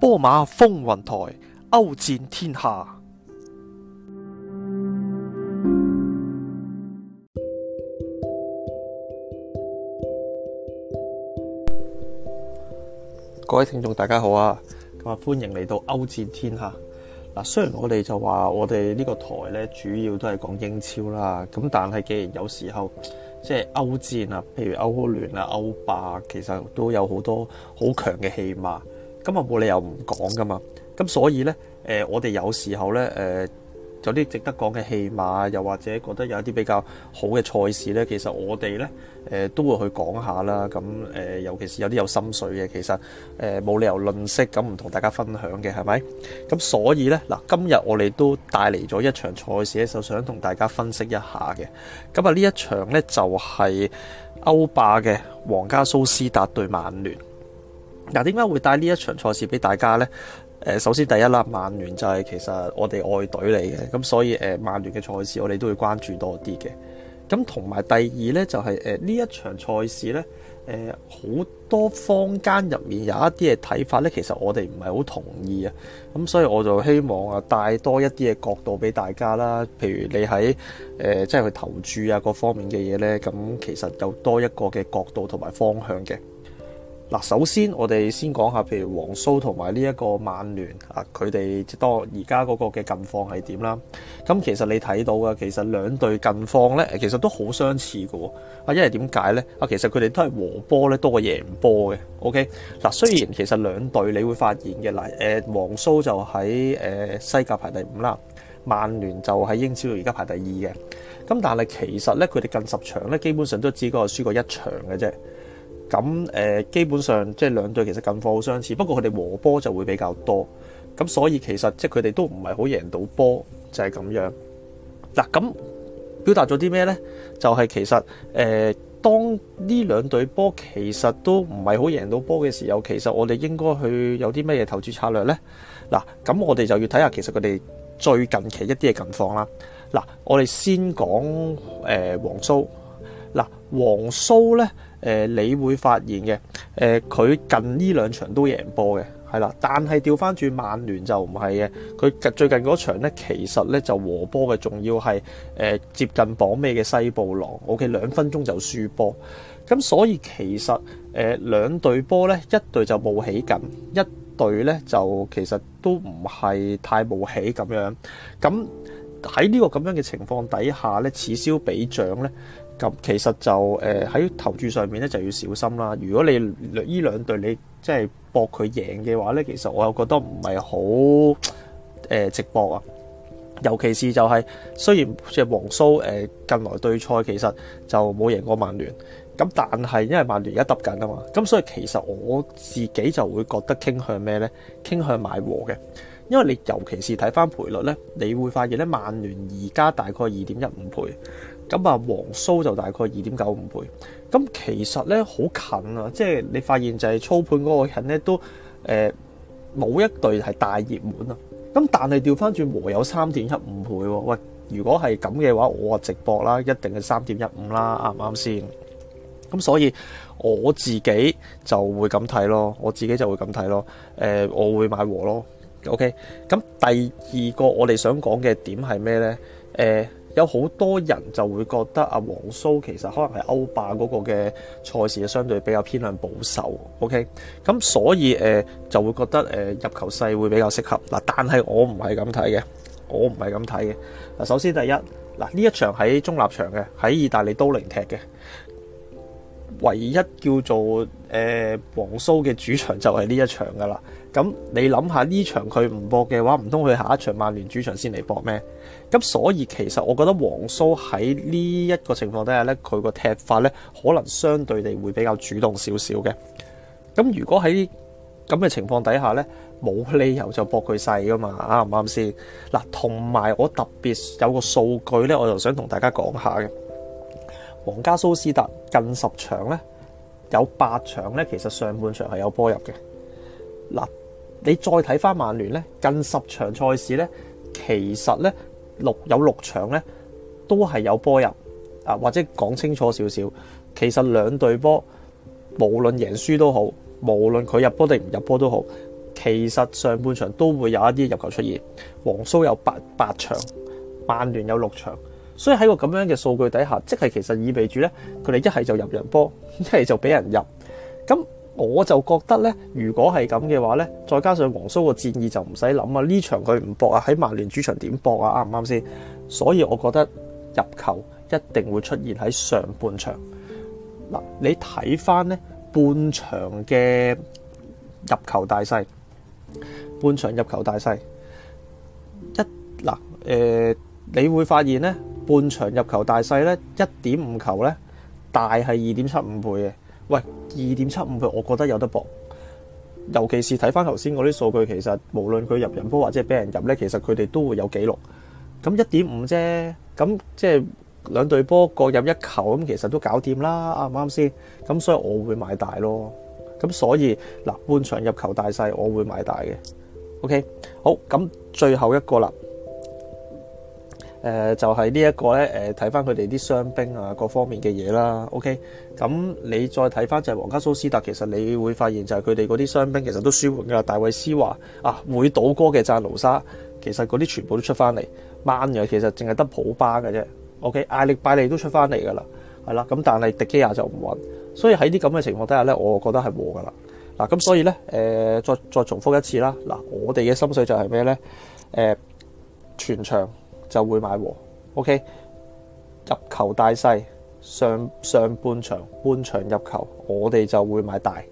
波馬風雲台，歐戰天下。各位聽眾大家好啊，咁啊歡迎嚟到歐戰天下。嗱，雖然我哋就話我哋呢個台呢，主要都係講英超啦，咁但係既然有時候即係歐戰啊，譬如歐聯啊、歐霸，其實都有好多好強嘅戲碼。今日冇理由唔講噶嘛，咁所以呢，誒我哋有時候呢，誒有啲值得講嘅戲碼，又或者覺得有一啲比較好嘅賽事呢，其實我哋呢誒都會去講下啦。咁誒，尤其是有啲有心水嘅，其實誒冇理由吝嗇咁唔同大家分享嘅，係咪？咁所以呢，嗱今日我哋都帶嚟咗一場賽事咧，就想同大家分析一下嘅。咁啊，呢一場呢，就係歐霸嘅皇家蘇斯達對曼聯。嗱，點解、啊、會帶呢一場賽事俾大家呢？誒，首先第一啦，曼聯就係其實我哋外隊嚟嘅，咁所以誒，曼聯嘅賽事我哋都會關注多啲嘅。咁同埋第二呢，就係誒呢一場賽事呢，誒好多坊間入面有一啲嘅睇法呢，其實我哋唔係好同意啊。咁所以我就希望啊，帶多一啲嘅角度俾大家啦。譬如你喺誒即係去投注啊各方面嘅嘢呢，咁其實有多一個嘅角度同埋方向嘅。嗱，首先我哋先講下，譬如皇蘇同埋呢一個曼聯啊，佢哋多而家嗰個嘅近況係點啦？咁其實你睇到嘅，其實兩隊近況咧，其實都好相似㗎喎。啊，一係點解咧？啊，其實佢哋都係和波咧多過贏波嘅。OK，嗱，雖然其實兩隊你會發現嘅，嗱，誒皇蘇就喺西甲排第五啦，曼聯就喺英超而家排第二嘅。咁但係其實咧，佢哋近十場咧，基本上都只過輸過一場嘅啫。咁誒基本上即係兩隊其實近況好相似，不過佢哋和波就會比較多，咁所以其實即係佢哋都唔係好贏到波就係、是、咁樣。嗱咁表達咗啲咩呢？就係、是、其實誒、呃，當呢兩隊波其實都唔係好贏到波嘅時候，其實我哋應該去有啲咩嘢投注策略呢？嗱，咁我哋就要睇下其實佢哋最近期一啲嘅近況啦。嗱，我哋先講誒、呃、皇蘇。皇蘇咧、呃，你會發現嘅，誒、呃，佢近呢兩場都贏波嘅，係啦，但係調翻轉曼聯就唔係嘅，佢近最近嗰場咧，其實咧就和波嘅，仲要係、呃、接近榜尾嘅西布朗，OK，兩分鐘就輸波，咁所以其實誒、呃、兩隊波咧，一隊就冒起緊，一隊咧就其實都唔係太冒起咁樣，咁喺呢個咁樣嘅情況底下咧，此消彼長咧。咁其實就喺投注上面咧就要小心啦。如果你呢兩隊你即係博佢贏嘅話咧，其實我又覺得唔係好誒直博啊。尤其是就係雖然即係黃蘇誒近來對賽其實就冇贏過曼聯，咁但係因為曼聯而家得緊啊嘛，咁所以其實我自己就會覺得傾向咩咧？傾向買和嘅，因為你尤其是睇翻賠率咧，你會發現咧曼聯而家大概二點一五倍。咁啊，皇蘇就大概二點九五倍。咁其實咧好近啊，即係你發現就係操盤嗰個人咧都誒冇、呃、一隊係大熱門啊。咁但係掉返轉和有三點一五倍喎、啊。喂，如果係咁嘅話，我直播啦，一定係三點一五啦，啱唔啱先？咁所以我自己就會咁睇咯，我自己就會咁睇咯、呃。我會買和咯。OK。咁第二個我哋想講嘅點係咩咧？呃有好多人就會覺得阿皇蘇其實可能係歐霸嗰個嘅賽事，就相對比較偏向保守。OK，咁所以誒、呃、就會覺得誒、呃、入球勢會比較適合。嗱，但係我唔係咁睇嘅，我唔係咁睇嘅。嗱，首先第一，嗱呢一場喺中立場嘅，喺意大利都靈踢嘅，唯一叫做。誒，黃蘇嘅主場就係呢一場噶啦，咁你諗下呢場佢唔搏嘅話，唔通佢下一場曼聯主場先嚟搏咩？咁所以其實我覺得黃蘇喺呢一個情況底下呢，佢個踢法呢可能相對地會比較主動少少嘅。咁如果喺咁嘅情況底下呢，冇理由就搏佢細噶嘛，啱唔啱先？嗱，同埋我特別有個數據呢，我就想同大家講下嘅，皇家蘇斯達近十場呢。有八場咧，其實上半場係有波入嘅。嗱，你再睇翻曼聯咧，近十場賽事咧，其實咧六有六場咧都係有波入啊，或者講清楚少少，其實兩隊波無論贏輸都好，無論佢入波定唔入波都好，其實上半場都會有一啲入球出現。皇蘇有八八場，曼聯有六場。所以喺個咁樣嘅數據底下，即係其實意味住咧，佢哋一係就入人波，一係就俾人入。咁我就覺得咧，如果係咁嘅話咧，再加上皇蘇個戰意就唔使諗啊，呢場佢唔搏啊，喺曼聯主場點搏啊？啱唔啱先？所以我覺得入球一定會出現喺上半場。嗱，你睇翻咧半場嘅入球大勢，半場入球大勢一嗱誒、呃，你會發現咧。半場入球大細呢，一點五球呢，大係二點七五倍嘅。喂，二點七五倍，我覺得有得搏，尤其是睇翻頭先嗰啲數據，其實無論佢入人波或者俾人入呢，其實佢哋都會有記錄。咁一點五啫，咁即係兩隊波各入一球，咁其實都搞掂啦。啱唔啱先？咁所以我會買大咯。咁所以嗱，半場入球大細，我會買大嘅。OK，好，咁最後一個啦。誒、呃、就係呢一個咧，睇翻佢哋啲傷兵啊，各方面嘅嘢啦。OK，咁你再睇翻就係皇家蘇斯達，其實你會發現就係佢哋嗰啲傷兵其實都舒緩噶啦。大衛斯話啊，會倒戈嘅讚奴沙，其實嗰啲全部都出翻嚟，掹嘅其實淨係得普巴嘅啫。OK，艾力拜利都出翻嚟噶啦，係啦。咁但係迪基亞就唔穩，所以喺啲咁嘅情況底下咧，我覺得係冇噶啦嗱。咁、啊、所以咧、呃，再再重複一次啦。嗱、啊，我哋嘅心水就係咩咧？誒、呃、全場就會買喎，OK？入球大細，上上半場半場入球，我哋就會買大。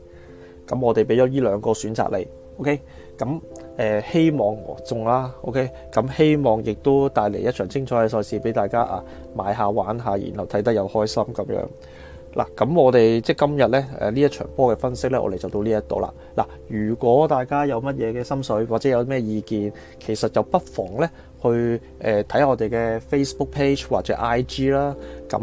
咁我哋俾咗依兩個選擇你，OK？咁、呃、希望我中啦，OK？咁希望亦都帶嚟一場精彩嘅賽事俾大家啊，買下玩下，然後睇得又開心咁樣。嗱，咁我哋即係今日咧，誒呢一場波嘅分析咧，我哋就到呢一度啦。嗱，如果大家有乜嘢嘅心水或者有咩意見，其實就不妨咧去誒睇、呃、我哋嘅 Facebook page 或者 IG 啦。咁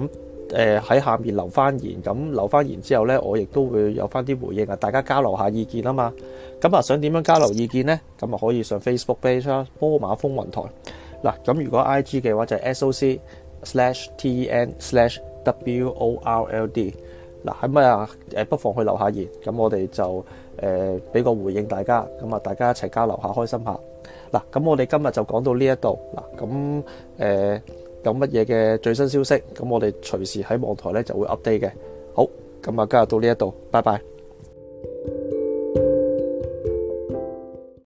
誒喺下面留翻言，咁留翻言之後咧，我亦都會有翻啲回應啊。大家交流下意見啊嘛。咁啊，想點樣交流意見咧？咁啊，可以上 Facebook page 啦，波馬風雲台。嗱，咁如果 IG 嘅話就係、是、SOC slash TEN slash。WORLD 嗱喺咩啊？誒不妨去留下言，咁我哋就誒俾個回應大家，咁啊大家一齊交流下，下，開心下。嗱，咁我哋今日就講到呢一度。嗱，咁誒有乜嘢嘅最新消息，咁我哋隨時喺網台咧就會 update 嘅。好，咁啊今日到呢一度，拜拜。